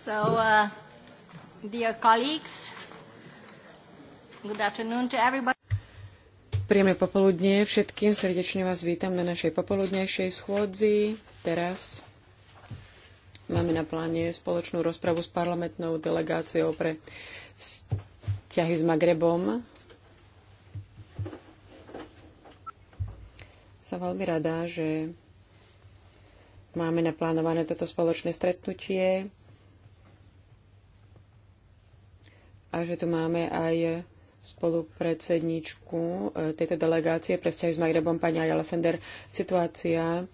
So, uh, dear colleagues, good afternoon to everybody. Príjemné popoludnie všetkým. Srdečne vás vítam na našej popoludnejšej schôdzi. Teraz máme na pláne spoločnú rozpravu s parlamentnou delegáciou pre vzťahy s Magrebom. Som veľmi rada, že Máme naplánované toto spoločné stretnutie a že tu máme aj spolupredsedničku e, tejto delegácie pre vzťahy s Magrebom, pani Ayala Sender. Situácia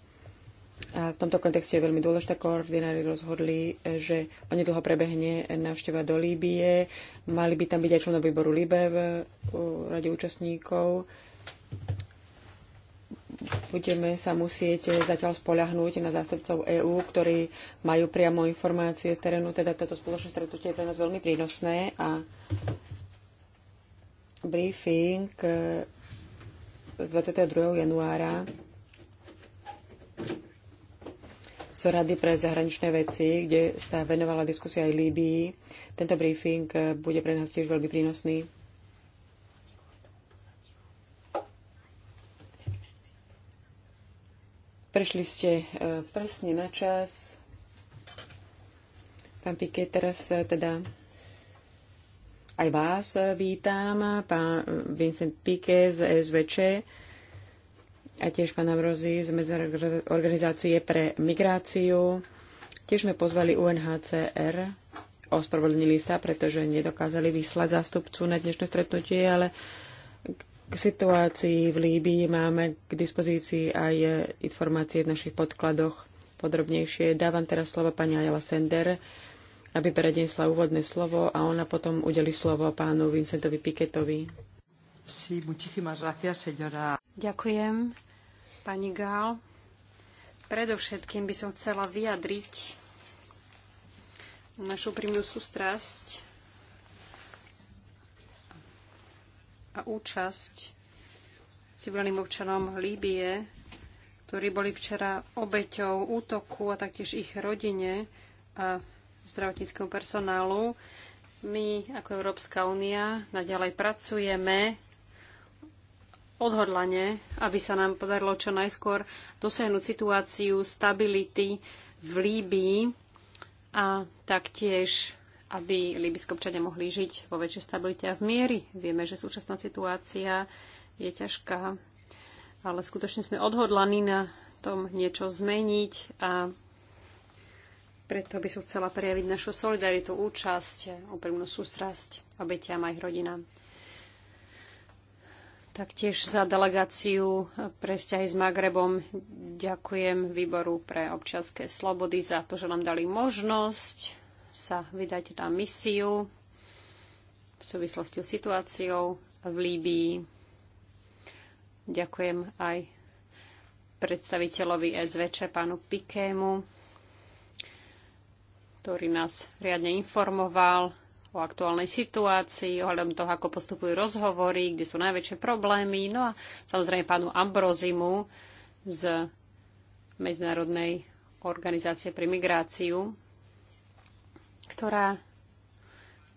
a v tomto kontexte je veľmi dôležitá. Koordinári rozhodli, e, že dlho prebehne návšteva do Líbie. Mali by tam byť aj členov výboru Líbe v rade účastníkov budeme sa musieť zatiaľ spoľahnúť na zástupcov EÚ, ktorí majú priamo informácie z terénu. Teda toto spoločné stretnutie je pre nás veľmi prínosné a briefing eh, z 22. januára z Rady pre zahraničné veci, kde sa venovala diskusia aj Líbii. Tento briefing eh, bude pre nás tiež veľmi prínosný. Prešli ste e, presne na čas. Pán Piké, teraz e, teda aj vás e, vítam, pán Vincent Piké z SVČ a tiež pána Brozy z Medzinárodnej organizácie pre migráciu. Tiež sme pozvali UNHCR, ospravedlnili sa, pretože nedokázali vyslať zástupcu na dnešné stretnutie, ale k situácii v Líbii máme k dispozícii aj informácie v našich podkladoch podrobnejšie. Dávam teraz slovo pani Ajala Sender, aby prednesla úvodné slovo a ona potom udeli slovo pánu Vincentovi Piketovi. Sí, gracias, Ďakujem, pani Gál. Predovšetkým by som chcela vyjadriť našu prímnu sústrasť a účasť civilným občanom Líbie, ktorí boli včera obeťou útoku a taktiež ich rodine a zdravotníckému personálu. My ako Európska únia naďalej pracujeme odhodlane, aby sa nám podarilo čo najskôr dosiahnuť situáciu stability v Líbii a taktiež aby líbyskí občania mohli žiť vo väčšej stabilite a v miery. Vieme, že súčasná situácia je ťažká, ale skutočne sme odhodlaní na tom niečo zmeniť a preto by som chcela prejaviť našu solidaritu, účasť, úprimnú sústrasť obetiam a ich rodinám. Taktiež za delegáciu pre vzťahy s Magrebom ďakujem výboru pre občianske slobody za to, že nám dali možnosť sa vydať na misiu v súvislosti s situáciou v Líbii. Ďakujem aj predstaviteľovi SVČ, pánu Pikému, ktorý nás riadne informoval o aktuálnej situácii, ohľadom toho, ako postupujú rozhovory, kde sú najväčšie problémy. No a samozrejme pánu Ambrozimu z Medzinárodnej organizácie pre migráciu, ktorá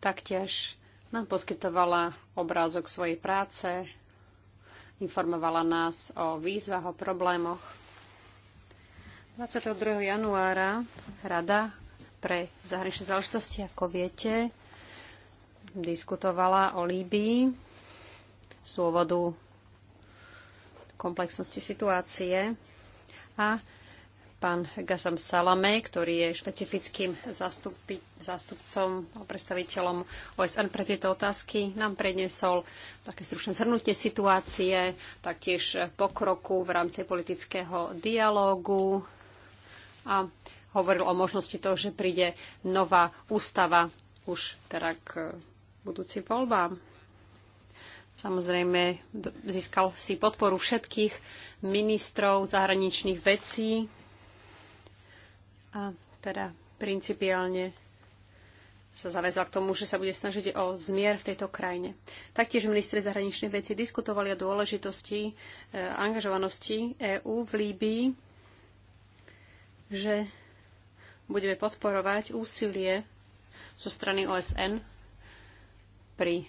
taktiež nám poskytovala obrázok svojej práce, informovala nás o výzvach, o problémoch. 22. januára Rada pre zahraničné záležitosti, ako viete, diskutovala o Líbii z dôvodu komplexnosti situácie a pán Gazam Salame, ktorý je špecifickým zástupcom a predstaviteľom OSN pre tieto otázky, nám prednesol také stručné zhrnutie situácie, taktiež pokroku v rámci politického dialógu a hovoril o možnosti toho, že príde nová ústava už teda k budúcim voľbám. Samozrejme, získal si podporu všetkých ministrov zahraničných vecí a teda principiálne sa zavezla k tomu, že sa bude snažiť o zmier v tejto krajine. Taktiež ministri zahraničných vecí diskutovali o dôležitosti e, angažovanosti EÚ v Líbii, že budeme podporovať úsilie zo strany OSN pri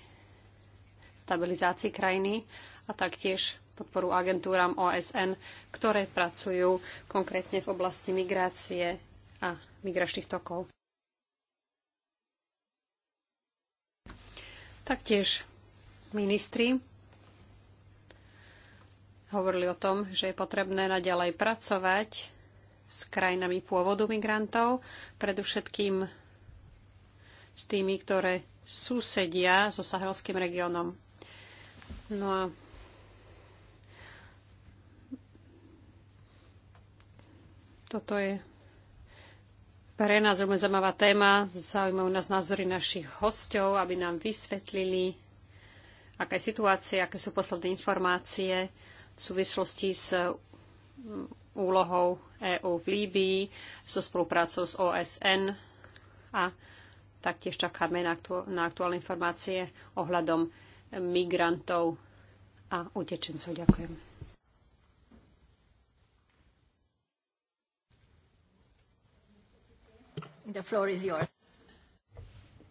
stabilizácii krajiny a taktiež podporu agentúram OSN, ktoré pracujú konkrétne v oblasti migrácie, a migračných tokov. Taktiež ministri hovorili o tom, že je potrebné naďalej pracovať s krajinami pôvodu migrantov, predovšetkým s tými, ktoré susedia so sahelským regiónom. No a toto je pre nás veľmi zaujímavá téma. Zaujímajú nás názory našich hostov, aby nám vysvetlili, aká je situácia, aké sú posledné informácie v súvislosti s mm, úlohou EÚ v Líbii, so spoluprácou s OSN a taktiež čakáme na, aktu- na aktuálne informácie ohľadom migrantov a utečencov. Ďakujem.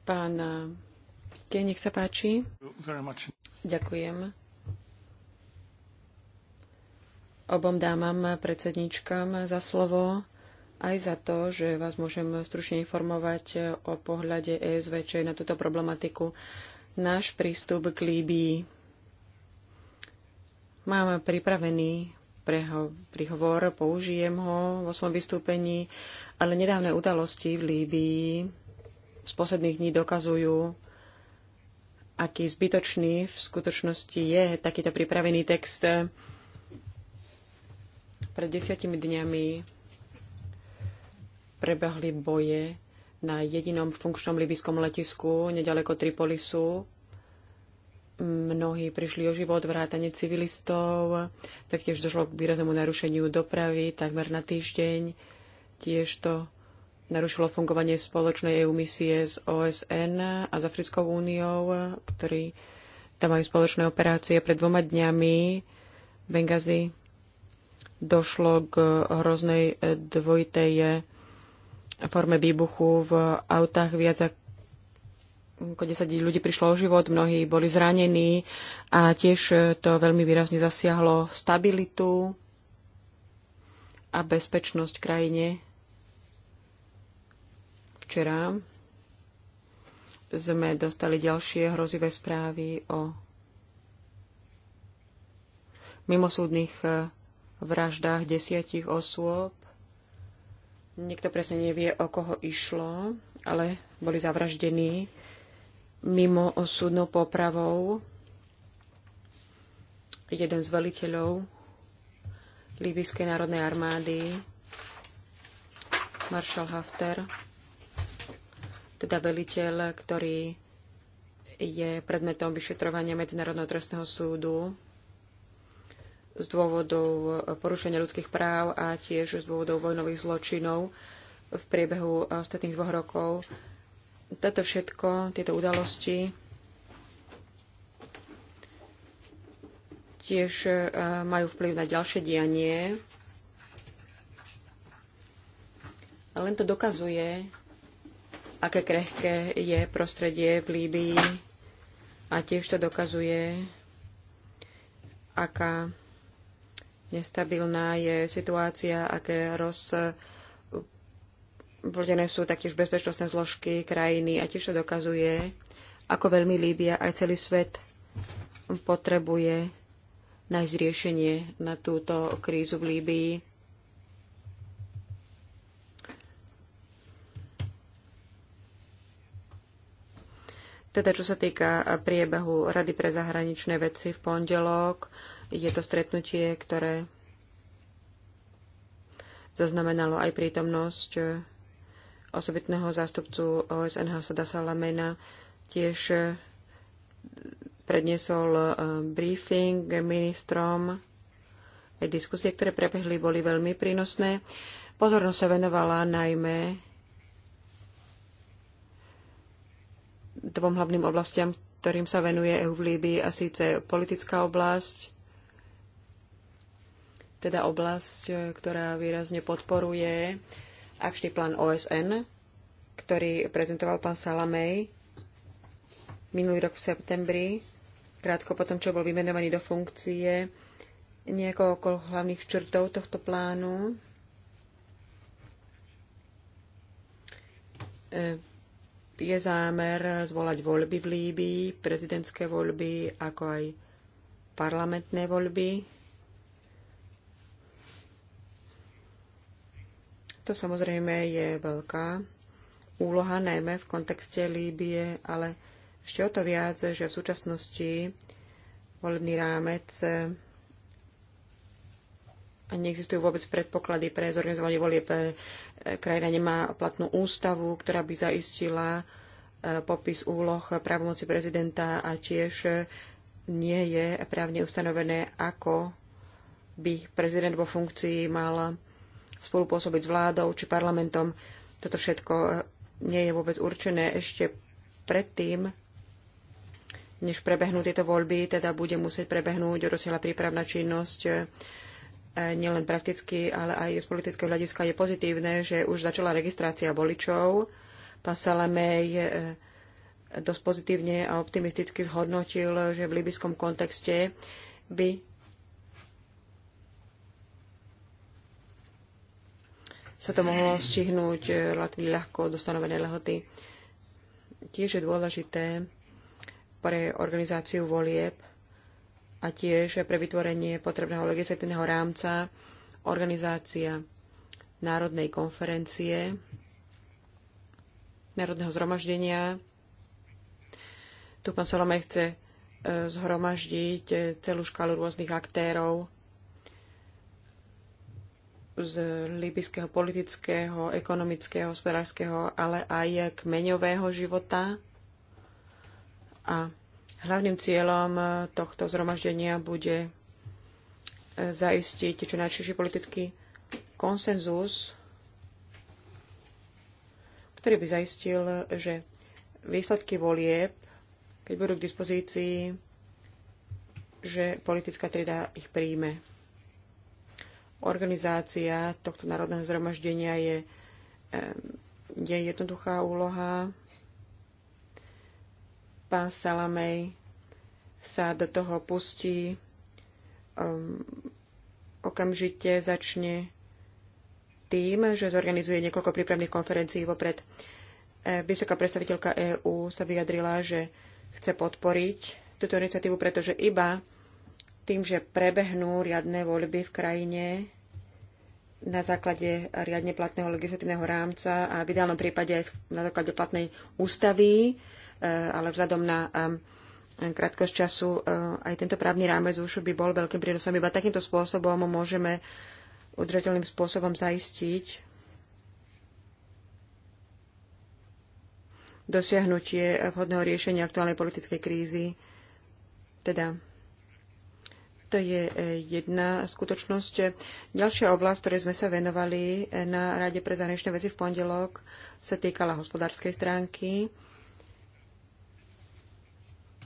Pán eh, Pike, nech sa páči. Ďakujem. Obom dámam eh, predsedničkám eh, za slovo aj za to, že vás môžem stručne informovať o pohľade ESVČ na túto problematiku. Náš prístup k Líbii. Mám pripravený preho- prihovor, použijem ho vo svojom vystúpení, ale nedávne udalosti v Líbii z posledných dní dokazujú, aký zbytočný v skutočnosti je takýto pripravený text. Pred desiatimi dňami prebehli boje na jedinom funkčnom libyskom letisku nedaleko Tripolisu mnohí prišli o život, vrátane civilistov, taktiež došlo k výraznému narušeniu dopravy takmer na týždeň. Tiež to narušilo fungovanie spoločnej EU misie z OSN a s Africkou úniou, ktorí tam majú spoločné operácie. Pred dvoma dňami v Bengazi došlo k hroznej dvojitej forme výbuchu v autách viac ako ako 10 ľudí prišlo o život, mnohí boli zranení a tiež e, to veľmi výrazne zasiahlo stabilitu a bezpečnosť krajine. Včera sme dostali ďalšie hrozivé správy o mimosúdnych e, vraždách desiatich osôb. Niekto presne nevie, o koho išlo, ale boli zavraždení mimo osudnou popravou jeden z veliteľov Líbyskej národnej armády, maršal Hafter, teda veliteľ, ktorý je predmetom vyšetrovania Medzinárodného trestného súdu z dôvodov porušenia ľudských práv a tiež z dôvodov vojnových zločinov v priebehu ostatných dvoch rokov toto všetko, tieto udalosti tiež e, majú vplyv na ďalšie dianie. A len to dokazuje, aké krehké je prostredie v Líbii a tiež to dokazuje, aká nestabilná je situácia, aké roz Vlodené sú taktiež bezpečnostné zložky krajiny a tiež to dokazuje, ako veľmi Líbia aj celý svet potrebuje nájsť riešenie na túto krízu v Líbii. Teda čo sa týka priebehu Rady pre zahraničné veci v pondelok, je to stretnutie, ktoré zaznamenalo aj prítomnosť osobitného zástupcu OSN Hasada Salamena tiež eh, predniesol eh, briefing ministrom. Diskusie, ktoré prebehli, boli veľmi prínosné. Pozornosť sa venovala najmä dvom hlavným oblastiam, ktorým sa venuje EU v Líbii, a síce politická oblasť, teda oblasť, eh, ktorá výrazne podporuje akčný plán OSN, ktorý prezentoval pán Salamej minulý rok v septembri, krátko potom, čo bol vymenovaný do funkcie, nejako okolo hlavných črtov tohto plánu. E, je zámer zvolať voľby v Líbii, prezidentské voľby, ako aj parlamentné voľby To samozrejme je veľká úloha, najmä v kontexte Líbie, ale ešte o to viac, že v súčasnosti volebný rámec eh, a neexistujú vôbec predpoklady pre zorganizovanie volieb. Eh, krajina nemá platnú ústavu, ktorá by zaistila eh, popis úloh právomoci prezidenta a tiež nie je právne ustanovené, ako by prezident vo funkcii mal spolupôsobiť s vládou či parlamentom. Toto všetko eh, nie je vôbec určené ešte predtým, než prebehnú tieto voľby, teda bude musieť prebehnúť rozsiahla prípravná činnosť eh, nielen prakticky, ale aj z politického hľadiska je pozitívne, že už začala registrácia voličov. Pán Salamej eh, dosť pozitívne a optimisticky zhodnotil, že v libyskom kontexte by sa to mohlo stihnúť e, Latvii ľahko do stanovenej lehoty. Tiež je dôležité pre organizáciu volieb a tiež pre vytvorenie potrebného legislatívneho rámca organizácia Národnej konferencie, Národného zhromaždenia. Tu pán Salomej chce e, zhromaždiť e, celú škálu rôznych aktérov z libyského politického, ekonomického, hospodárskeho, ale aj kmeňového života. A hlavným cieľom tohto zhromaždenia bude zaistiť čo najširší politický konsenzus, ktorý by zaistil, že výsledky volieb, keď budú k dispozícii, že politická trieda ich príjme. Organizácia tohto národného zhromaždenia je, je jednoduchá úloha. Pán Salamej sa do toho pustí, um, okamžite začne tým, že zorganizuje niekoľko prípravných konferencií vopred. E, vysoká predstaviteľka EÚ sa vyjadrila, že chce podporiť túto iniciatívu, pretože iba tým, že prebehnú riadne voľby v krajine na základe riadne platného legislatívneho rámca a v ideálnom prípade aj na základe platnej ústavy, eh, ale vzhľadom na eh, krátkosť času eh, aj tento právny rámec už by bol veľkým prínosom. Iba takýmto spôsobom môžeme udržateľným spôsobom zaistiť dosiahnutie vhodného riešenia aktuálnej politickej krízy, teda to je e, jedna skutočnosť. Ďalšia oblasť, ktorej sme sa venovali e, na Rade pre zahraničné veci v pondelok, sa týkala hospodárskej stránky.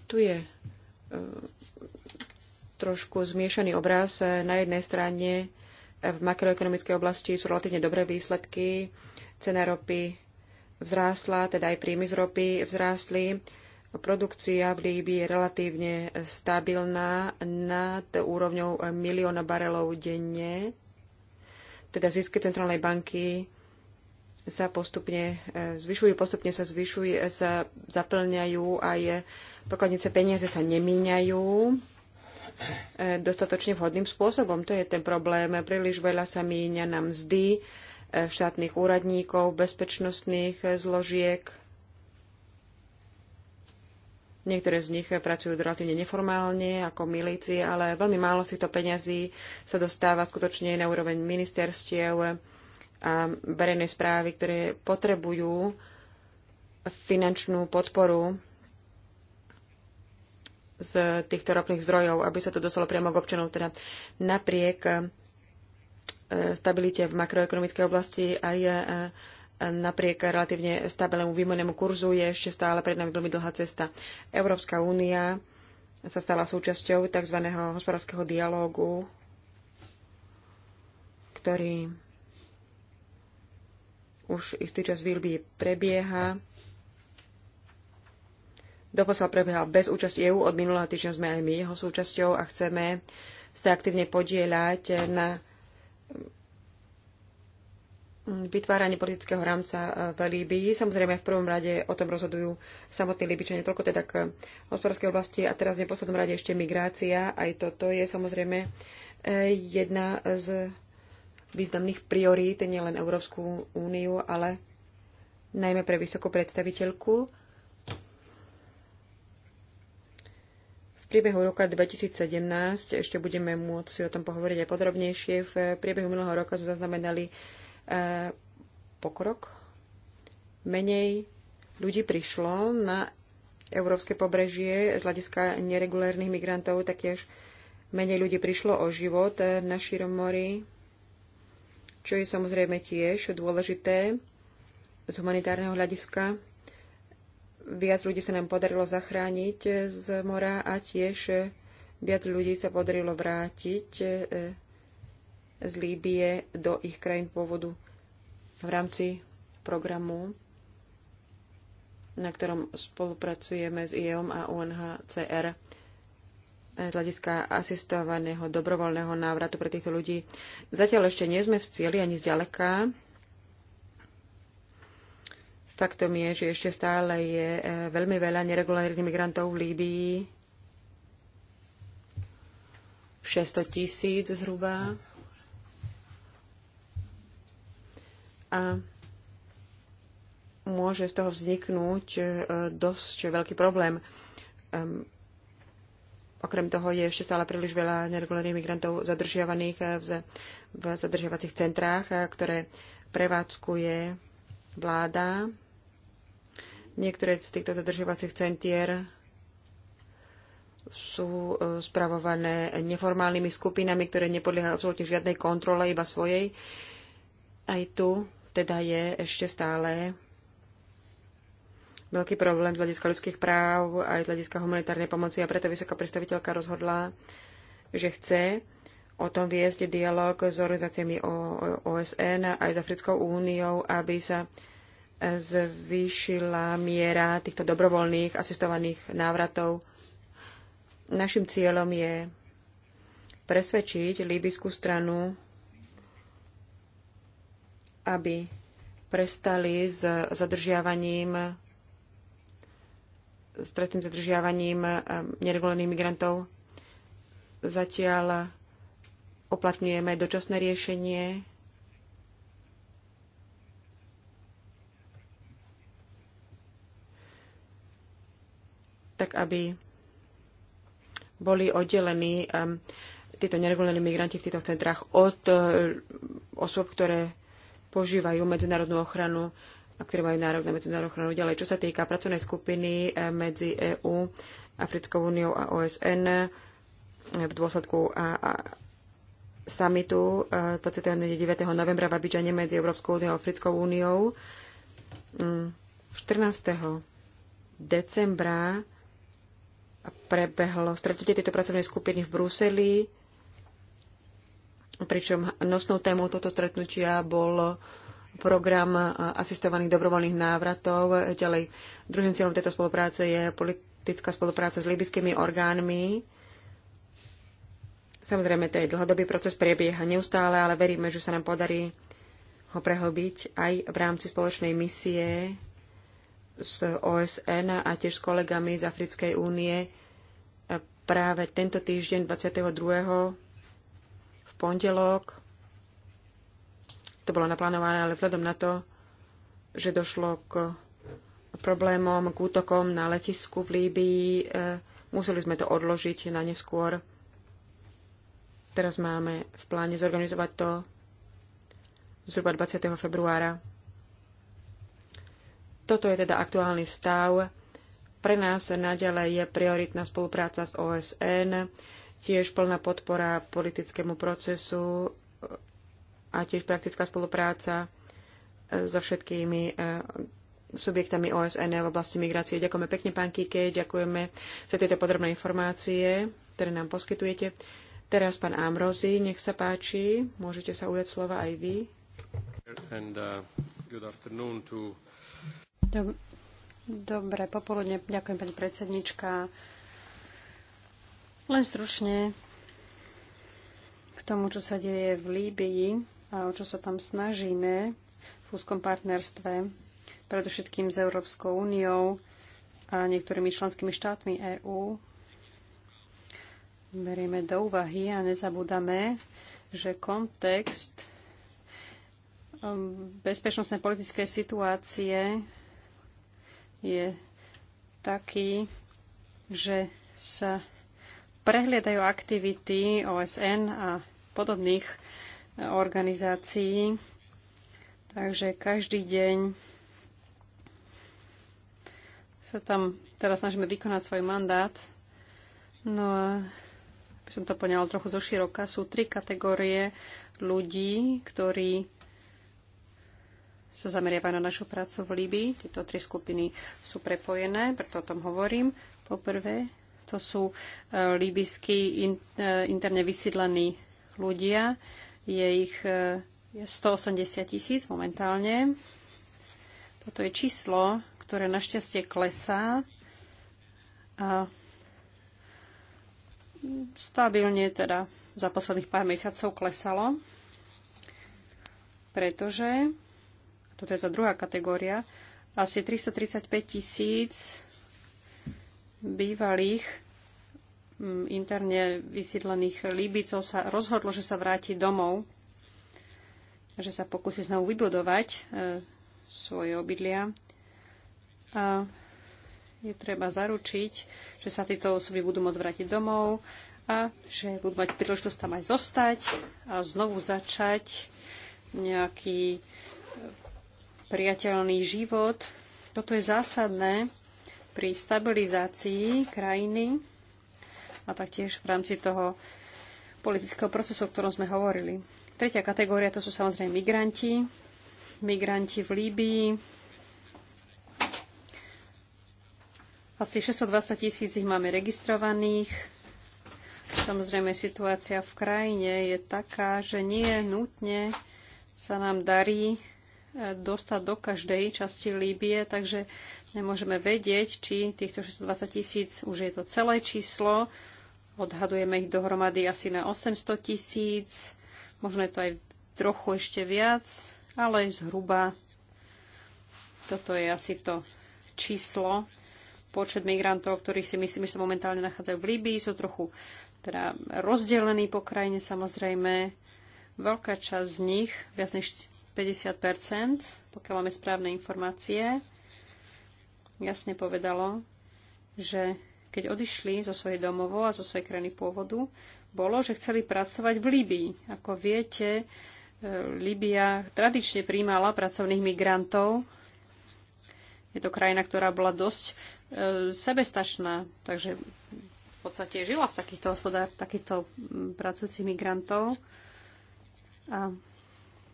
Tu je e, trošku zmiešaný obraz. Na jednej strane v makroekonomickej oblasti sú relatívne dobré výsledky. Cena ropy vzrástla, teda aj príjmy z ropy vzrástli Produkcia v Líbii je relatívne stabilná nad úrovňou milióna barelov denne. Teda zisky centrálnej banky sa postupne e, zvyšujú, postupne sa zvyšujú, e, sa zaplňajú je pokladnice peniaze sa nemíňajú e, dostatočne vhodným spôsobom. To je ten problém. Príliš veľa sa míňa na mzdy štátnych úradníkov, bezpečnostných zložiek, Niektoré z nich pracujú relatívne neformálne, ako milície, ale veľmi málo z týchto peňazí sa dostáva skutočne na úroveň ministerstiev a verejnej správy, ktoré potrebujú finančnú podporu z týchto ropných zdrojov, aby sa to dostalo priamo k občanov. Teda napriek eh, stabilite v makroekonomickej oblasti aj eh, napriek relatívne stabilnému výmennému kurzu je ešte stále pred nami veľmi dlhá cesta. Európska únia sa stala súčasťou tzv. hospodárskeho dialógu, ktorý už istý čas v Ilbii prebieha. Doposiaľ prebiehal bez účasti EÚ, od minulého týždňa sme aj my jeho súčasťou a chceme sa aktívne podieľať na vytváranie politického rámca e, v Líbii. Samozrejme, v prvom rade o tom rozhodujú samotní Líbičania, toľko teda k hospodárskej oblasti a teraz v neposlednom rade ešte migrácia. Aj toto je samozrejme e, jedna z významných priorít nielen Európsku úniu, ale najmä pre vysokú predstaviteľku. V priebehu roka 2017 ešte budeme môcť si o tom pohovoriť aj podrobnejšie. V priebehu minulého roka sme zaznamenali E, pokrok. Menej ľudí prišlo na európske pobrežie z hľadiska neregulérnych migrantov, taktiež menej ľudí prišlo o život na Širom mori, čo je samozrejme tiež dôležité z humanitárneho hľadiska. Viac ľudí sa nám podarilo zachrániť z mora a tiež viac ľudí sa podarilo vrátiť e, z Líbie do ich krajín pôvodu v rámci programu, na ktorom spolupracujeme s IEOM a UNHCR z hľadiska asistovaného dobrovoľného návratu pre týchto ľudí. Zatiaľ ešte nie sme v cieli ani zďaleka. Faktom je, že ešte stále je e, veľmi veľa neregulárnych migrantov v Líbii. 600 tisíc zhruba. a môže z toho vzniknúť e, dosť veľký problém. Okrem toho je ešte stále príliš veľa neregulárnych migrantov zadržiavaných e, v, zadržiavacích centrách, e, ktoré prevádzkuje vláda. Niektoré z týchto zadržiavacích centier sú spravované neformálnymi skupinami, ktoré nepodliehajú absolútne žiadnej kontrole, iba svojej. Aj tu teda je ešte stále veľký problém z hľadiska ľudských práv aj z hľadiska humanitárnej pomoci a preto vysoká predstaviteľka rozhodla, že chce o tom viesť dialog s organizáciami OSN aj s Africkou úniou, aby sa zvýšila miera týchto dobrovoľných asistovaných návratov. Našim cieľom je presvedčiť líbyskú stranu aby prestali s zadržiavaním s trestným zadržiavaním um, neregulovaných migrantov. Zatiaľ uplatňujeme dočasné riešenie. tak aby boli oddelení um, títo neregulovaní migranti v týchto centrách od uh, osôb, ktoré požívajú medzinárodnú ochranu a ktoré majú nárok na medzinárodnú ochranu. Ďalej, čo sa týka pracovnej skupiny e, medzi EÚ, Africkou úniou a OSN e, v dôsledku a, a samitu 29. E, novembra v Abidžane medzi Európskou úniou a Africkou úniou. 14. Mm, decembra prebehlo stretnutie tejto pracovnej skupiny v Bruseli pričom nosnou témou tohto stretnutia bol program asistovaných dobrovoľných návratov. Ďalej, druhým cieľom tejto spolupráce je politická spolupráca s libyskými orgánmi. Samozrejme, to je dlhodobý proces, prebieha neustále, ale veríme, že sa nám podarí ho prehlbiť aj v rámci spoločnej misie s OSN a tiež s kolegami z Africkej únie práve tento týždeň 22 pondelok. To bolo naplánované, ale vzhľadom na to, že došlo k problémom, k útokom na letisku v Líbii, e, museli sme to odložiť na neskôr. Teraz máme v pláne zorganizovať to zhruba 20. februára. Toto je teda aktuálny stav. Pre nás naďalej je prioritná spolupráca s OSN, tiež plná podpora politickému procesu a tiež praktická spolupráca e, so všetkými e, subjektami OSN v oblasti migrácie. Ďakujeme pekne, pán Kike, ďakujeme za tieto podrobné informácie, ktoré nám poskytujete. Teraz pán Amrozi, nech sa páči, môžete sa ujať slova aj vy. And, uh, to... Dob Dobre, popoludne, ďakujem pani predsednička. Len stručne k tomu, čo sa deje v Líbii a o čo sa tam snažíme v úzkom partnerstve, predovšetkým s Európskou úniou a niektorými členskými štátmi EÚ. Berieme do úvahy a nezabúdame, že kontext um, bezpečnostnej politickej situácie je taký, že sa prehliadajú aktivity OSN a podobných e, organizácií. Takže každý deň sa tam teraz snažíme vykonať svoj mandát. No a by som to poňala trochu zo široka, sú tri kategórie ľudí, ktorí sa zameriavajú na našu prácu v Líbii. Tieto tri skupiny sú prepojené, preto o tom hovorím. Poprvé to sú e, líbysky e, interne vysídlení ľudia. Je ich 180 e, tisíc momentálne. Toto je číslo, ktoré našťastie klesá a stabilne teda za posledných pár mesiacov klesalo, pretože, toto je tá druhá kategória, asi 335 tisíc bývalých mm, interne vysídlených Líbicov sa rozhodlo, že sa vráti domov, že sa pokusí znovu vybudovať e, svoje obydlia. A je treba zaručiť, že sa títo osoby budú môcť vrátiť domov a že budú mať príležitosť tam aj zostať a znovu začať nejaký priateľný život. Toto je zásadné, pri stabilizácii krajiny a taktiež v rámci toho politického procesu, o ktorom sme hovorili. Tretia kategória to sú samozrejme migranti. Migranti v Líbii. Asi 620 tisíc ich máme registrovaných. Samozrejme, situácia v krajine je taká, že nie nutne sa nám darí dostať do každej časti Líbie, takže nemôžeme vedieť, či týchto 620 tisíc už je to celé číslo. Odhadujeme ich dohromady asi na 800 tisíc, možno je to aj trochu ešte viac, ale zhruba toto je asi to číslo. Počet migrantov, ktorých si myslím, že sa momentálne nachádzajú v Líbii, sú trochu teda rozdelení po krajine samozrejme. Veľká časť z nich, viac než 50 pokiaľ máme správne informácie, jasne povedalo, že keď odišli zo svojej domovov a zo svojej krajiny pôvodu, bolo, že chceli pracovať v Líbii. Ako viete, e, Líbia tradične príjmala pracovných migrantov. Je to krajina, ktorá bola dosť e, sebestačná, takže v podstate žila z takýchto hospodár, takýchto pracujúcich migrantov. A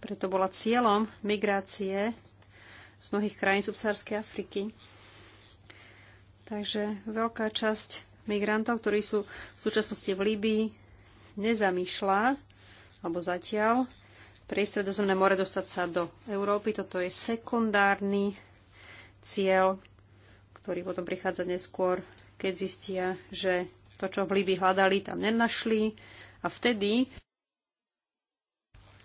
preto bola cieľom migrácie z mnohých krajín subsárskej Afriky. Takže veľká časť migrantov, ktorí sú v súčasnosti v Líbii, nezamýšľa, alebo zatiaľ, pre stredozemné more, dostať sa do Európy. Toto je sekundárny cieľ, ktorý potom prichádza neskôr, keď zistia, že to, čo v Líbii hľadali, tam nenašli. A vtedy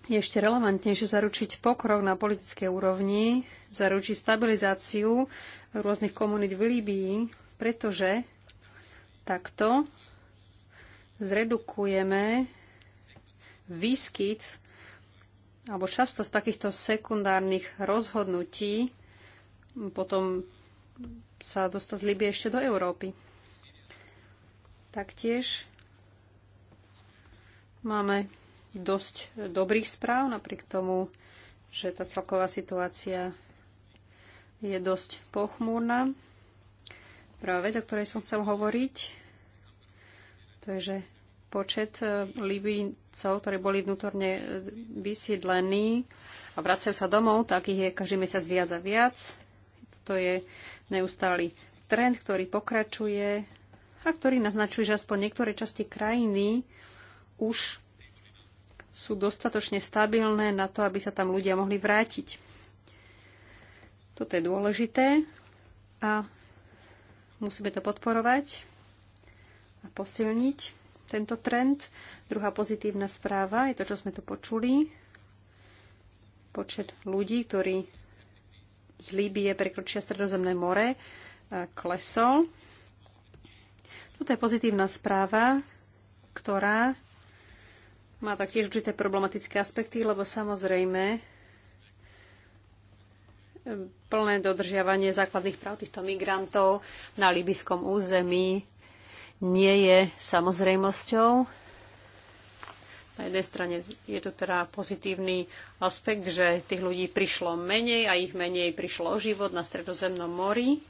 je ešte relevantnejšie zaručiť pokrok na politickej úrovni, zaručiť stabilizáciu rôznych komunít v Líbii, pretože takto zredukujeme výskyt alebo často z takýchto sekundárnych rozhodnutí potom sa dostať z Libie ešte do Európy. Taktiež máme dosť dobrých správ, napriek tomu, že tá celková situácia je dosť pochmúrna. Prvá vec, o ktorej som chcel hovoriť, to je, že počet e, Libíncov, ktorí boli vnútorne e, vysídlení a vracajú sa domov, takých je každý mesiac viac a viac. To je neustály trend, ktorý pokračuje a ktorý naznačuje, že aspoň niektoré časti krajiny už sú dostatočne stabilné na to, aby sa tam ľudia mohli vrátiť. Toto je dôležité a musíme to podporovať a posilniť tento trend. Druhá pozitívna správa je to, čo sme tu počuli. Počet ľudí, ktorí z Líbie prekročia Stredozemné more, e, klesol. Toto je pozitívna správa, ktorá má taktiež určité problematické aspekty, lebo samozrejme e, plné dodržiavanie základných práv týchto migrantov na libyskom území nie je samozrejmosťou. Na jednej strane je tu teda pozitívny aspekt, že tých ľudí prišlo menej a ich menej prišlo o život na Stredozemnom mori.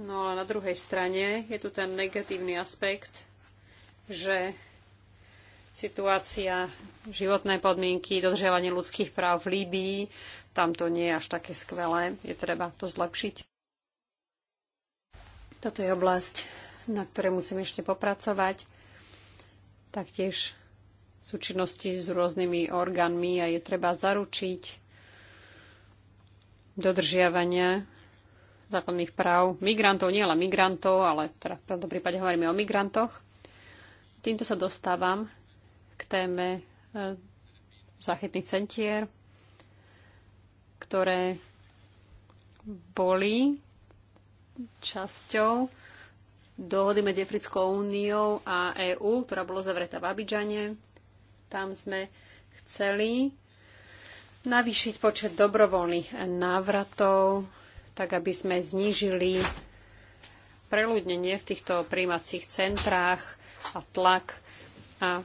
No a na druhej strane je tu ten negatívny aspekt, že Situácia, životné podmienky, dodržiavanie ľudských práv v Líbii, tam to nie je až také skvelé, je treba to zlepšiť. Toto je oblasť, na ktorej musíme ešte popracovať. Taktiež sú činnosti s rôznymi orgánmi a je treba zaručiť dodržiavanie základných práv migrantov, nie len migrantov, ale teda v tomto prípade hovoríme o migrantoch. Týmto sa dostávam k téme e, zachytných centier, ktoré boli časťou dohody medzi Africkou úniou a EÚ, ktorá bola zavretá v Abidžane. Tam sme chceli navýšiť počet dobrovoľných návratov, tak aby sme znížili preľudnenie v týchto príjmacích centrách a tlak a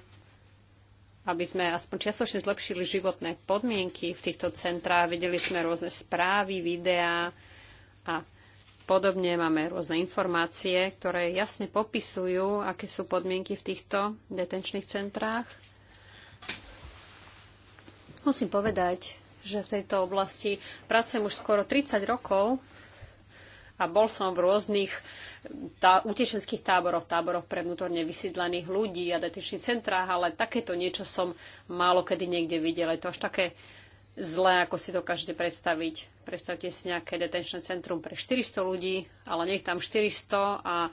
aby sme aspoň čiastočne zlepšili životné podmienky v týchto centrách. Videli sme rôzne správy, videá a podobne. Máme rôzne informácie, ktoré jasne popisujú, aké sú podmienky v týchto detenčných centrách. Musím povedať, že v tejto oblasti pracujem už skoro 30 rokov a bol som v rôznych tá, utečenských táboroch, táboroch pre vnútorne vysídlených ľudí a detenčných centrách, ale takéto niečo som málo kedy niekde videl. Je to až také zlé, ako si dokážete predstaviť. Predstavte si nejaké detenčné centrum pre 400 ľudí, ale nech tam 400 a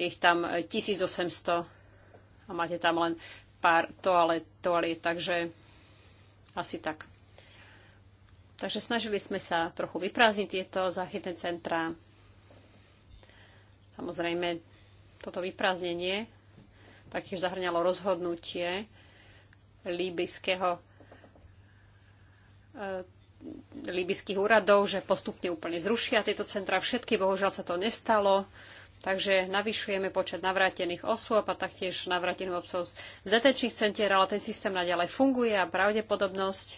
ich tam 1800 a máte tam len pár toalet, toalet takže asi tak. Takže snažili sme sa trochu vyprázdniť tieto záchytné centrá, Samozrejme, toto vyprázdnenie taktiež zahrňalo rozhodnutie líbyského e, líbyských úradov, že postupne úplne zrušia tieto centra. Všetky, bohužiaľ, sa to nestalo. Takže navyšujeme počet navrátených osôb a taktiež navrátených osôb z detenčných centier, ale ten systém naďalej funguje a pravdepodobnosť,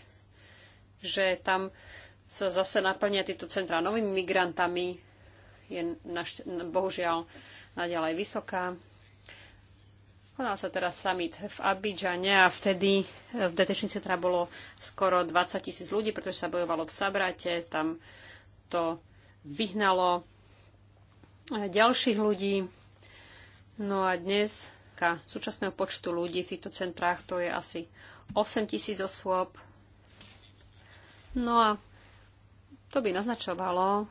že tam sa zase naplnia tieto centrá novými migrantami, je naš, bohužiaľ naďalej vysoká. Konal sa teraz summit v Abidžane a vtedy eh, v detenčný centra bolo skoro 20 tisíc ľudí, pretože sa bojovalo v Sabrate. Tam to vyhnalo eh, ďalších ľudí. No a dnes k súčasného počtu ľudí v týchto centrách to je asi 8 tisíc osôb. No a to by naznačovalo,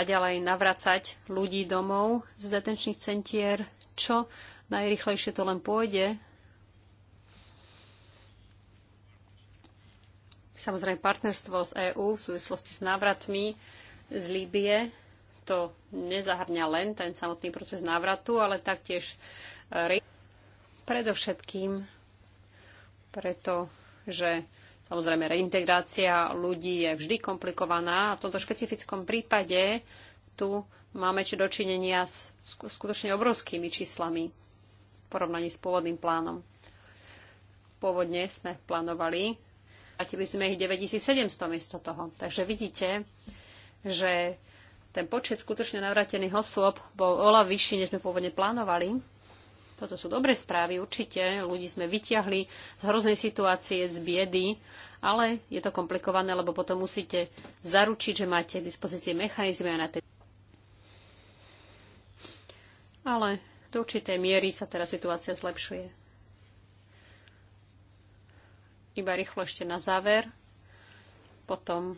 naďalej navracať ľudí domov z detenčných centier, čo najrychlejšie to len pôjde. Samozrejme, partnerstvo z EÚ v súvislosti s návratmi z Líbie to nezahrňa len ten samotný proces návratu, ale taktiež eh, predovšetkým preto, že Samozrejme, reintegrácia ľudí je vždy komplikovaná a v tomto špecifickom prípade tu máme či dočinenia s skutočne obrovskými číslami v porovnaní s pôvodným plánom. Pôvodne sme plánovali, vrátili sme ich 9700 miesto toho. Takže vidíte, že ten počet skutočne navrátených osôb bol oľa vyšší, než sme pôvodne plánovali. Toto sú dobré správy, určite. Ľudí sme vyťahli z hroznej situácie, z biedy, ale je to komplikované, lebo potom musíte zaručiť, že máte k dispozícii mechanizmy a na tej... Ale do určitej miery sa teraz situácia zlepšuje. Iba rýchlo ešte na záver. Potom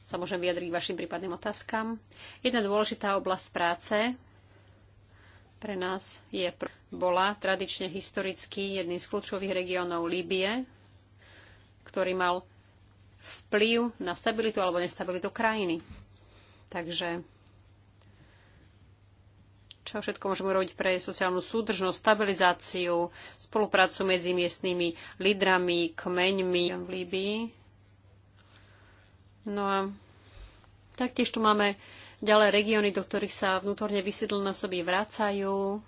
sa môžem vyjadriť vašim prípadným otázkam. Jedna dôležitá oblasť práce pre nás je, bola tradične historicky jedným z kľúčových regiónov Líbie, ktorý mal vplyv na stabilitu alebo nestabilitu krajiny. Takže čo všetko môžeme robiť pre sociálnu súdržnosť, stabilizáciu, spoluprácu medzi miestnymi lídrami, kmeňmi v Líbii. No a Taktiež tu máme ďalej regióny, do ktorých sa vnútorne vysídlené osoby vracajú.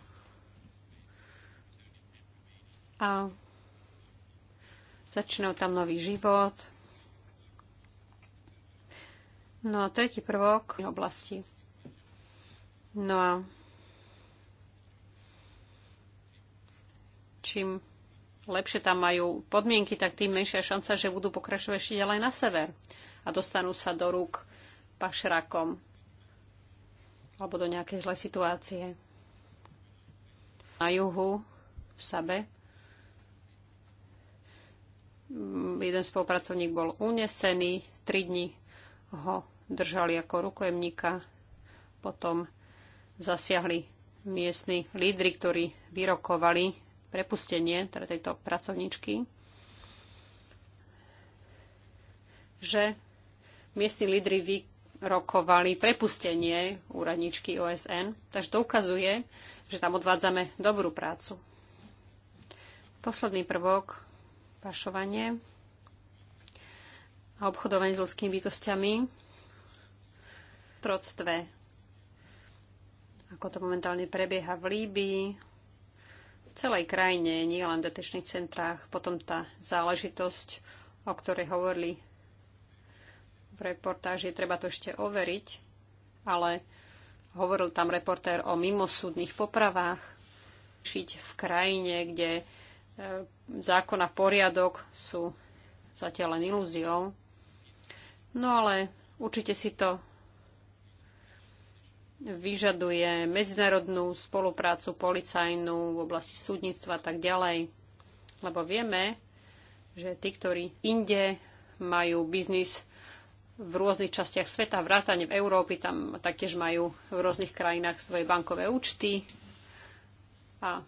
A začínajú tam nový život. No a tretí prvok v oblasti. No a čím lepšie tam majú podmienky, tak tým menšia šanca, že budú pokračovať ešte ďalej na sever a dostanú sa do rúk pašrakom alebo do nejakej zlej situácie. Na juhu, v Sabe, mm, jeden spolupracovník bol unesený, tri dni ho držali ako rukojemníka, potom zasiahli miestni lídry, ktorí vyrokovali prepustenie teda tejto pracovníčky, že miestni lídry rokovali prepustenie úradničky OSN. Takže to ukazuje, že tam odvádzame dobrú prácu. Posledný prvok, pašovanie a obchodovanie s ľudskými bytostiami v troctve. Ako to momentálne prebieha v Líbii, v celej krajine, nie len v detečných centrách. Potom tá záležitosť, o ktorej hovorili reportáži, treba to ešte overiť, ale hovoril tam reportér o mimosúdnych popravách, šiť v krajine, kde e, zákon a poriadok sú zatiaľ len ilúziou. No ale určite si to vyžaduje medzinárodnú spoluprácu policajnú v oblasti súdnictva a tak ďalej. Lebo vieme, že tí, ktorí inde majú biznis v rôznych častiach sveta, vrátane v Európy, tam taktiež majú v rôznych krajinách svoje bankové účty a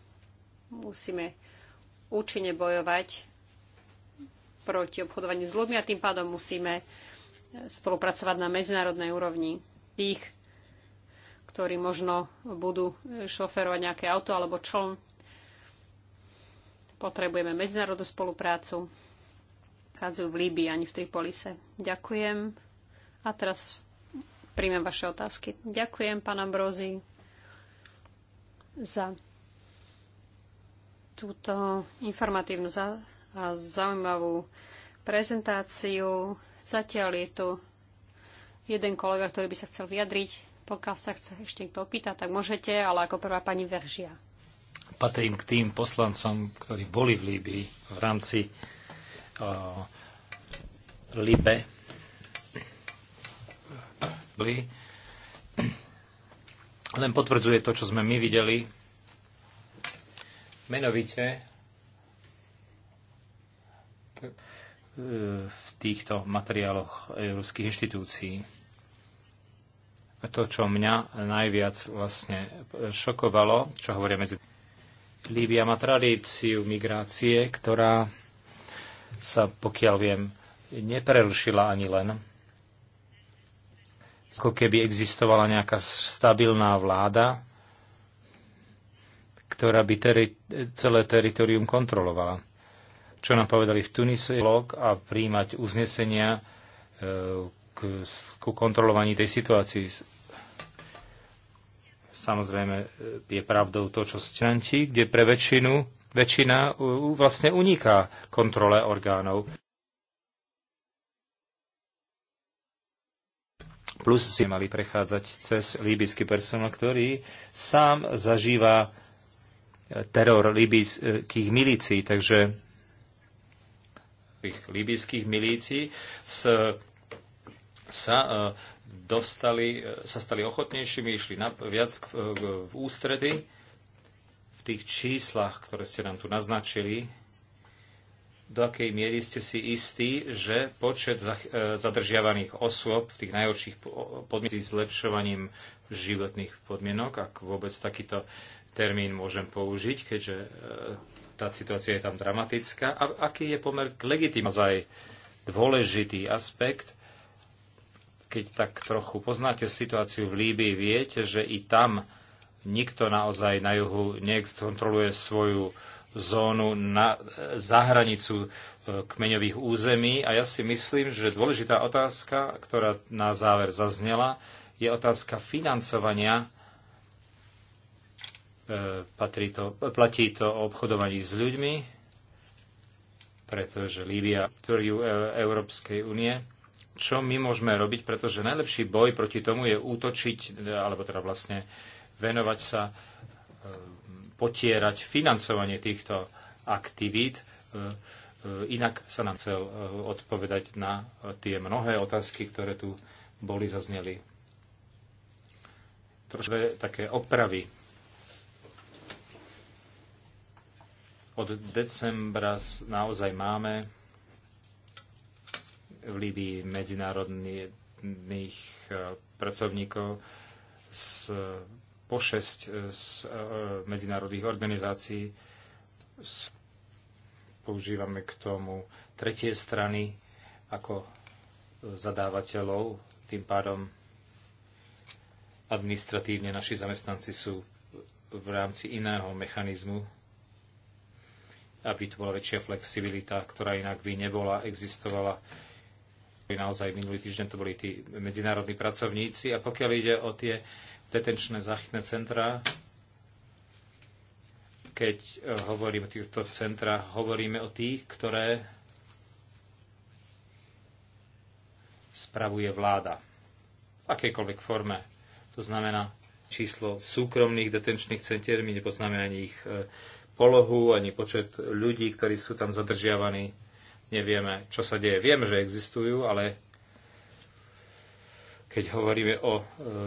musíme účinne bojovať proti obchodovaniu s ľuďmi a tým pádom musíme spolupracovať na medzinárodnej úrovni. Tých, ktorí možno budú šoferovať nejaké auto alebo čln, potrebujeme medzinárodnú spoluprácu nachádzajú v Líbii ani v Tripolise. Ďakujem. A teraz príjmem vaše otázky. Ďakujem, pán Ambrózy, za túto informatívnu a zaujímavú prezentáciu. Zatiaľ je tu jeden kolega, ktorý by sa chcel vyjadriť. Pokiaľ sa chce ešte niekto opýtať, tak môžete, ale ako prvá pani Veržia. Patrím k tým poslancom, ktorí boli v Líbii v rámci Libe. Len potvrdzuje to, čo sme my videli. Menovite v týchto materiáloch európskych inštitúcií. to, čo mňa najviac vlastne šokovalo, čo hovoria medzi... Líbia má tradíciu migrácie, ktorá sa, pokiaľ viem, neprerušila ani len. Ako keby existovala nejaká stabilná vláda, ktorá by teri- celé teritorium kontrolovala. Čo nám povedali v Tunise a príjmať uznesenia e, k, kontrolovaní tej situácii samozrejme e, je pravdou to, čo ste kde pre väčšinu väčšina vlastne uniká kontrole orgánov. Plus si mali prechádzať cez líbyský personál, ktorý sám zažíva e, teror líbyských milícií, takže tých líbyských milícií s, sa e, dostali, e, sa stali ochotnejšími, išli na, viac v ústredy tých číslach, ktoré ste nám tu naznačili, do akej miery ste si istí, že počet e, zadržiavaných osôb v tých najhorších podmienkach zlepšovaním životných podmienok, ak vôbec takýto termín môžem použiť, keďže e, tá situácia je tam dramatická. A aký je pomer k legitimnosti? dôležitý aspekt, keď tak trochu poznáte situáciu v Líbii, viete, že i tam nikto naozaj na juhu nekontroluje svoju zónu na, za hranicu e, kmeňových území. A ja si myslím, že dôležitá otázka, ktorá na záver zaznela, je otázka financovania. E, patrí to, platí to o obchodovaní s ľuďmi, pretože Líbia, ktorú e, Európskej únie, čo my môžeme robiť, pretože najlepší boj proti tomu je útočiť, alebo teda vlastne uh, venovať sa, e, potierať financovanie týchto aktivít. E, e, inak sa nám chcel odpovedať na tie mnohé otázky, ktoré tu boli zazneli. Trošku také opravy. Od decembra naozaj máme v Líbii medzinárodných pracovníkov z po šesť e, z e, medzinárodných organizácií. Používame k tomu tretie strany ako e, zadávateľov. Tým pádom administratívne naši zamestnanci sú v rámci iného mechanizmu, aby tu bola väčšia flexibilita, ktorá inak by nebola, existovala naozaj minulý týždeň to boli tí medzinárodní pracovníci. A pokiaľ ide o tie detenčné zachytné centra. Keď e, hovoríme o týchto centrách, hovoríme o tých, ktoré spravuje vláda. V akejkoľvek forme. To znamená, číslo súkromných detenčných centier, my nepoznáme ani ich e, polohu, ani počet ľudí, ktorí sú tam zadržiavaní. Nevieme, čo sa deje. Vieme, že existujú, ale keď hovoríme o e,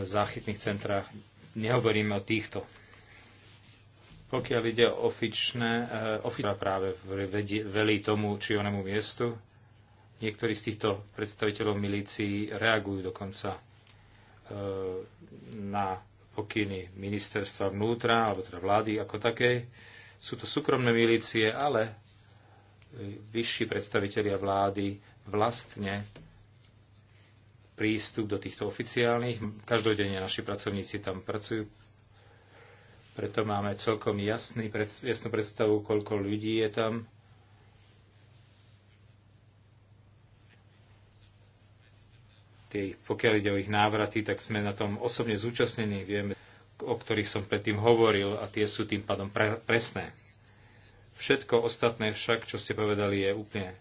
záchytných centrách, nehovoríme o týchto. Pokiaľ ide o ofičné, e, ofičná práve velí tomu či onému miestu, niektorí z týchto predstaviteľov milícií reagujú dokonca e, na pokyny ministerstva vnútra, alebo teda vlády ako takej. Sú to súkromné milície, ale vyšší predstavitelia vlády vlastne prístup do týchto oficiálnych. Každodenne naši pracovníci tam pracujú. Preto máme celkom jasný, jasnú predstavu, koľko ľudí je tam. Tie, pokiaľ ide o ich návraty, tak sme na tom osobne zúčastnení. Vieme, o ktorých som predtým hovoril a tie sú tým pádom pre, presné. Všetko ostatné však, čo ste povedali, je úplne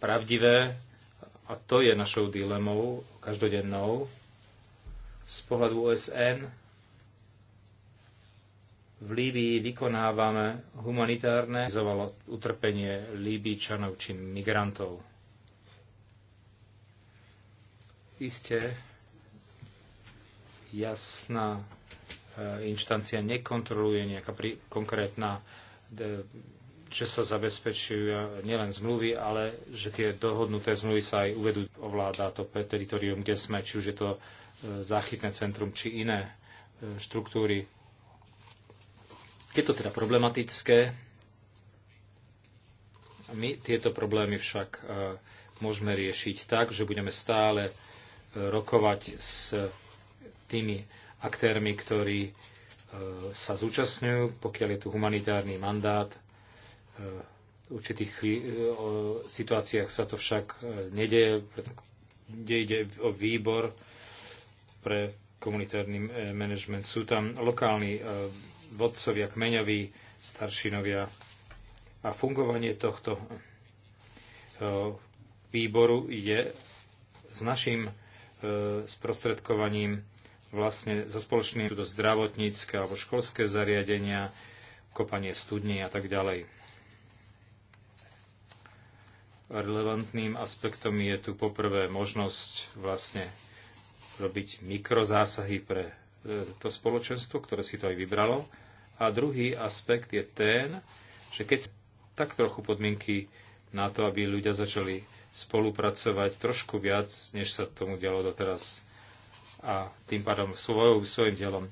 pravdivé a to je našou dilemou každodennou z pohľadu OSN. V Líbii vykonávame humanitárne zovalo utrpenie Líbičanov či migrantov. Isté, jasná e, inštancia nekontroluje nejaká konkrétna e, že sa zabezpečujú nielen zmluvy, ale že tie dohodnuté zmluvy sa aj uvedú, ovláda to teritorium, kde sme, či už je to e, záchytné centrum, či iné e, štruktúry. Je to teda problematické. My tieto problémy však e, môžeme riešiť tak, že budeme stále rokovať s tými aktérmi, ktorí sa zúčastňujú, pokiaľ je tu humanitárny mandát, v určitých e, situáciách sa to však e, nedeje, kde ide o výbor pre komunitárny e, management. Sú tam lokálni vodcovia, kmeňoví, staršinovia a fungovanie tohto výboru je s našim sprostredkovaním vlastne za spoločným do zdravotnícke alebo školské zariadenia, kopanie studní a tak ďalej relevantným aspektom je tu poprvé možnosť vlastne robiť mikrozásahy pre e, to spoločenstvo, ktoré si to aj vybralo. A druhý aspekt je ten, že keď tak trochu podmienky na to, aby ľudia začali spolupracovať trošku viac, než sa tomu dialo doteraz a tým pádom svojou, svojim dielom e,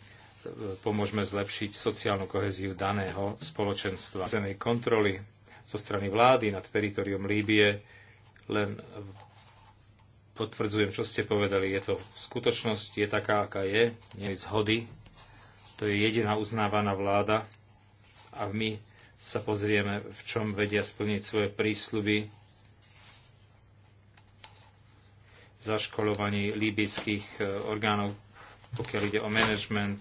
pomôžeme zlepšiť sociálnu koheziu daného spoločenstva. Cenej kontroly zo strany vlády nad teritorium Líbie. Len potvrdzujem, čo ste povedali. Je to v skutočnosť, je taká, aká je. Nie je zhody. To je jediná uznávaná vláda. A my sa pozrieme, v čom vedia splniť svoje prísľuby zaškolovaní líbyských e, orgánov, pokiaľ ide o management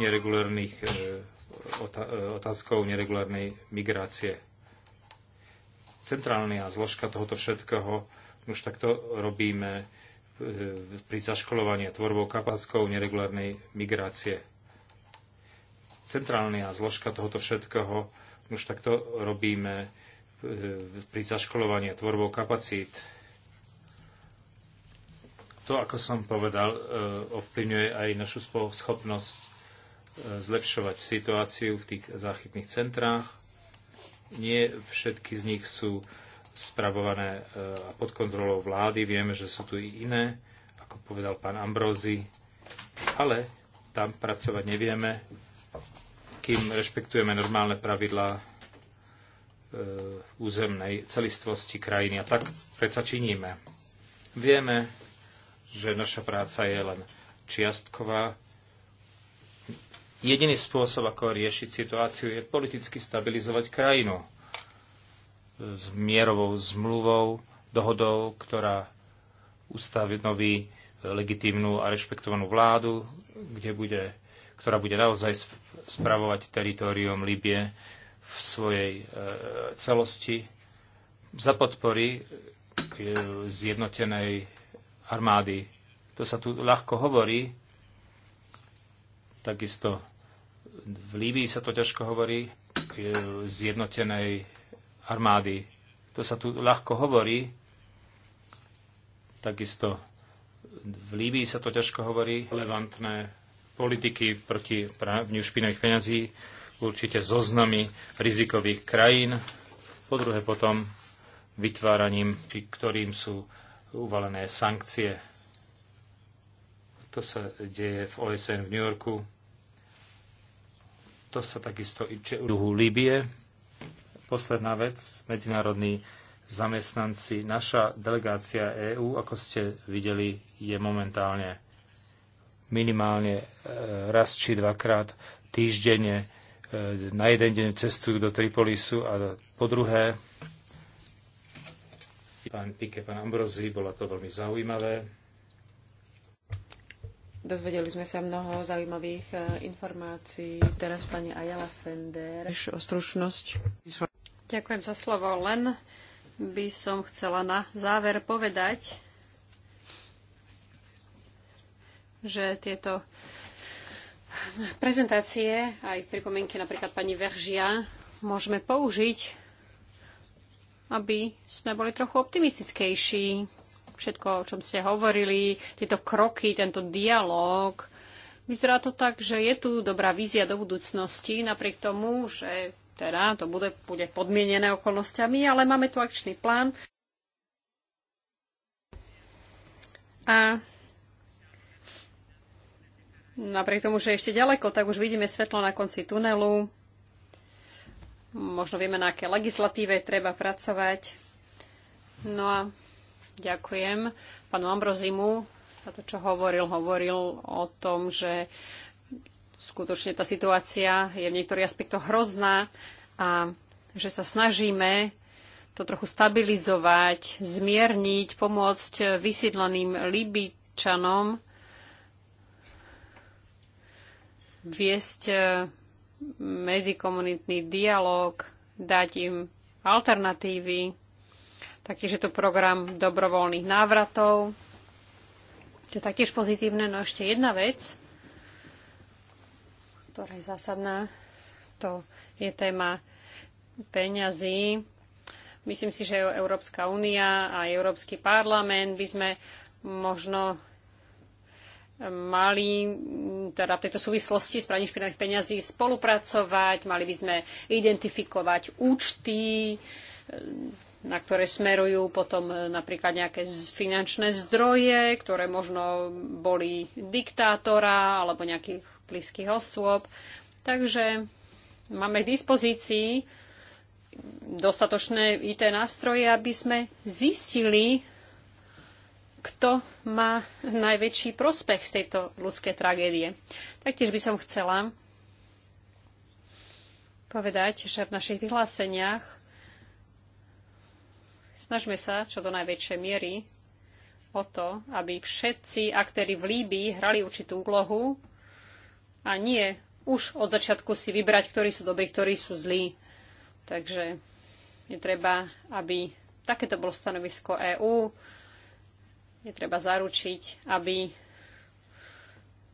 neregulárnych e, otázkou neregulárnej migrácie. Centrálna zložka tohoto všetkého už takto robíme e, pri zaškolovaní tvorbou kapaskou neregulárnej migrácie. Centrálna zložka tohoto všetkého už takto robíme e, pri zaškolovaní tvorbou kapacít. To, ako som povedal, e, ovplyvňuje aj našu schopnosť zlepšovať situáciu v tých záchytných centrách. Nie všetky z nich sú spravované e, a pod kontrolou vlády. Vieme, že sú tu i iné, ako povedal pán Ambrózy, ale tam pracovať nevieme, kým rešpektujeme normálne pravidlá e, územnej celistvosti krajiny. A tak predsa činíme. Vieme, že naša práca je len čiastková, Jediný spôsob, ako riešiť situáciu, je politicky stabilizovať krajinu s mierovou zmluvou, dohodou, ktorá ustanoví e, legitímnu a rešpektovanú vládu, kde bude, ktorá bude naozaj spravovať teritorium Líbie v svojej e, celosti za podpory e, zjednotenej armády. To sa tu ľahko hovorí, takisto v Líbii sa to ťažko hovorí, zjednotenej armády. To sa tu ľahko hovorí, takisto v Líbii sa to ťažko hovorí, relevantné politiky proti právniu špinových peňazí, určite zoznamy rizikových krajín, po druhé potom vytváraním, ktorým sú uvalené sankcie. To sa deje v OSN v New Yorku, to sa takisto iče u duhu Líbie. Posledná vec, medzinárodní zamestnanci. Naša delegácia EÚ, ako ste videli, je momentálne minimálne e, raz či dvakrát týždenne e, na jeden deň cestujú do Tripolisu a po druhé pán Pike, pán Ambrozy, bola to veľmi zaujímavé. Dozvedeli sme sa mnoho zaujímavých e, informácií. Teraz pani Ajala Sender. O stručnosť. Ďakujem za slovo. Len by som chcela na záver povedať, že tieto prezentácie, aj pripomienky napríklad pani Veržia, môžeme použiť, aby sme boli trochu optimistickejší všetko, o čom ste hovorili, tieto kroky, tento dialog. Vyzerá to tak, že je tu dobrá vízia do budúcnosti, napriek tomu, že teda to bude, bude podmienené okolnostiami, ale máme tu akčný plán. A napriek tomu, že je ešte ďaleko, tak už vidíme svetlo na konci tunelu. Možno vieme, na aké legislatíve treba pracovať. No a Ďakujem panu Ambrozimu za to, čo hovoril. Hovoril o tom, že skutočne tá situácia je v niektorých aspektoch hrozná a že sa snažíme to trochu stabilizovať, zmierniť, pomôcť vysídleným Libičanom viesť eh, medzikomunitný dialog, dať im alternatívy, Taktiež je tu program dobrovoľných návratov. To je taktiež pozitívne. No ešte jedna vec, ktorá je zásadná, to je téma peňazí. Myslím si, že Európska únia a Európsky parlament by sme možno eh, mali mm, teda v tejto súvislosti s praním špinavých peňazí spolupracovať, mali by sme identifikovať účty, eh, na ktoré smerujú potom e, napríklad nejaké finančné zdroje, ktoré možno boli diktátora alebo nejakých blízkych osôb. Takže máme k dispozícii dostatočné IT nástroje, aby sme zistili, kto má najväčší prospech z tejto ľudskej tragédie. Taktiež by som chcela povedať, že v našich vyhláseniach Snažme sa čo do najväčšej miery o to, aby všetci aktéry v Líbii hrali určitú úlohu a nie už od začiatku si vybrať, ktorí sú dobrí, ktorí sú zlí. Takže je treba, aby takéto bolo stanovisko EÚ. Je treba zaručiť, aby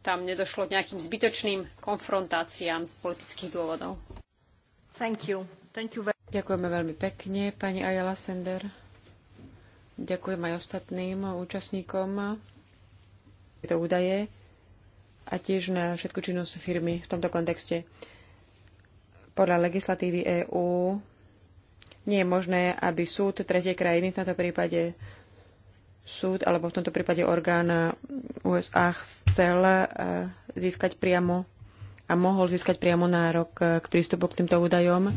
tam nedošlo k nejakým zbytočným konfrontáciám z politických dôvodov. Thank you. Thank you very... Ďakujeme veľmi pekne, pani Ayala Sender. Ďakujem aj ostatným účastníkom tieto údaje a tiež na všetku činnosť firmy v tomto kontexte. Podľa legislatívy EÚ nie je možné, aby súd tretej krajiny, v tomto prípade súd alebo v tomto prípade orgán USA chcel e, získať priamo a mohol získať priamo nárok k prístupu k týmto údajom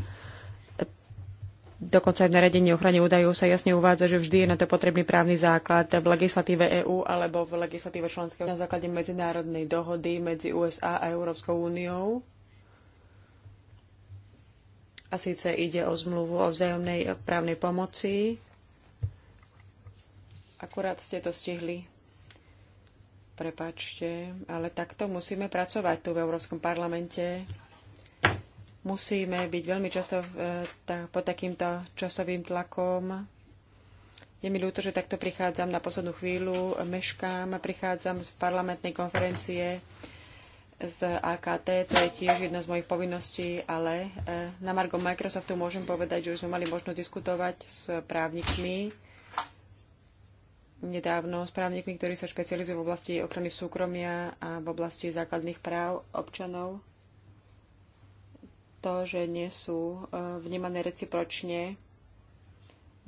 Dokonca aj v naredení ochrany údajov sa jasne uvádza, že vždy je na to potrebný právny základ v legislatíve EÚ alebo v legislatíve členského na základe medzinárodnej dohody medzi USA a Európskou úniou. A síce ide o zmluvu o vzájomnej právnej pomoci. Akurát ste to stihli. Prepačte, ale takto musíme pracovať tu v Európskom parlamente musíme byť veľmi často e, pod takýmto časovým tlakom. Je mi ľúto, že takto prichádzam na poslednú chvíľu, meškám, prichádzam z parlamentnej konferencie z AKT, to je tiež jedna z mojich povinností, ale e, na Margo Microsoftu môžem povedať, že už sme mali možnosť diskutovať s právnikmi nedávno, s právnikmi, ktorí sa špecializujú v oblasti ochrany súkromia a v oblasti základných práv občanov to, že nie sú e, vnímané recipročne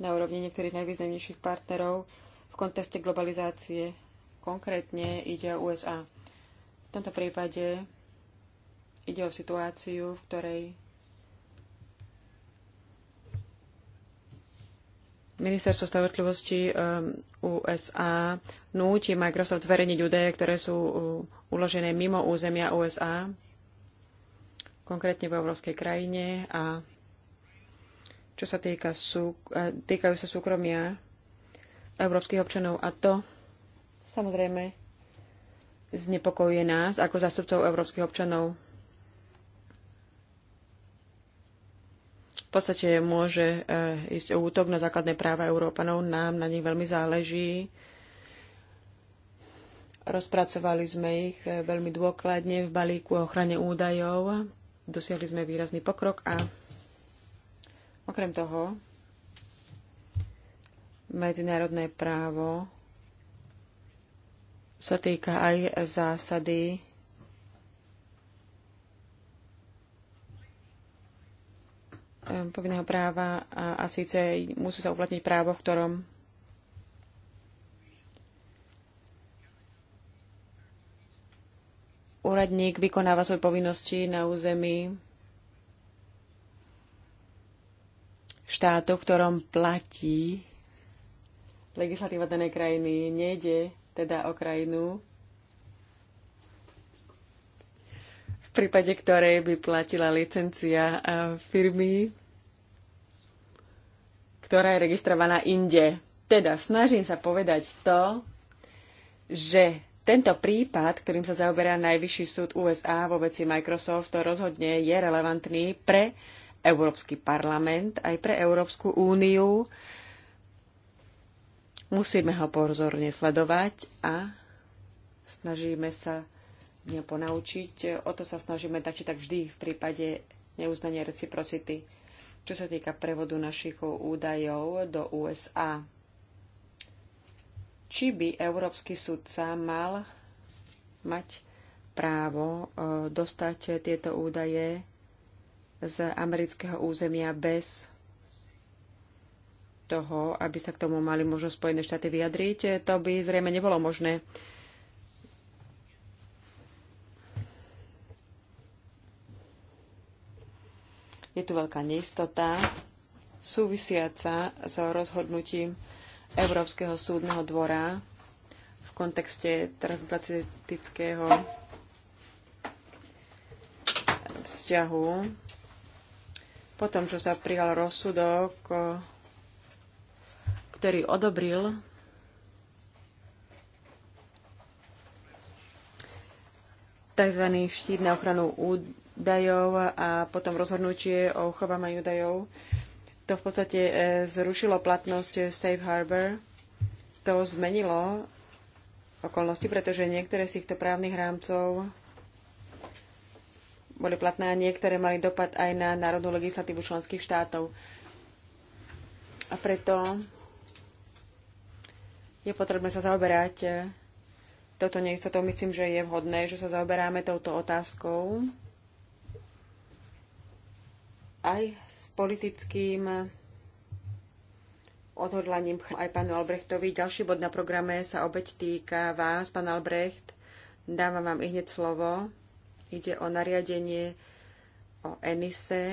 na úrovni niektorých najvýznamnejších partnerov v kontexte globalizácie. Konkrétne ide o USA. V tomto prípade ide o situáciu, v ktorej Ministerstvo spravodlivosti e, USA núti Microsoft zverejniť údaje, ktoré sú e, uložené mimo územia USA konkrétne v európskej krajine a čo sa týka sú, e, týkajú sa súkromia európskych občanov a to samozrejme znepokojuje nás ako zastupcov európskych občanov. V podstate môže e, ísť o útok na základné práva Európanov. Nám na nich veľmi záleží. Rozpracovali sme ich e, veľmi dôkladne v balíku ochrane údajov. Dosiahli sme výrazný pokrok a okrem toho medzinárodné právo sa týka aj zásady povinného práva a, a síce musí sa uplatniť právo, v ktorom úradník vykonáva svoje povinnosti na území štátu, v ktorom platí legislatíva danej krajiny. Nejde teda o krajinu, v prípade ktorej by platila licencia firmy, ktorá je registrovaná inde. Teda snažím sa povedať to, že tento prípad, ktorým sa zaoberá Najvyšší súd USA vo veci Microsoft, to rozhodne je relevantný pre Európsky parlament, aj pre Európsku úniu. Musíme ho pozorne sledovať a snažíme sa neponaučiť. O to sa snažíme tak či tak vždy v prípade neuznania reciprocity, čo sa týka prevodu našich údajov do USA či by Európsky sudca mal mať právo e, dostať tieto údaje z amerického územia bez toho, aby sa k tomu mali možno Spojené štáty vyjadriť. To by zrejme nebolo možné. Je tu veľká neistota súvisiaca s rozhodnutím Európskeho súdneho dvora v kontekste transatlantického vzťahu. potom, čo sa prijal rozsudok, ktorý odobril tzv. štít na ochranu údajov a potom rozhodnutie o uchovávaní údajov to v podstate e, zrušilo platnosť e, Safe Harbor. To zmenilo okolnosti, pretože niektoré z týchto právnych rámcov boli platné a niektoré mali dopad aj na národnú legislatívu členských štátov. A preto je potrebné sa zaoberať e, toto neistotou. Myslím, že je vhodné, že sa zaoberáme touto otázkou aj s politickým odhodlaním aj pánu Albrechtovi. Ďalší bod na programe sa obeď týka vás, pán Albrecht. Dávam vám i hneď slovo. Ide o nariadenie o ENISE.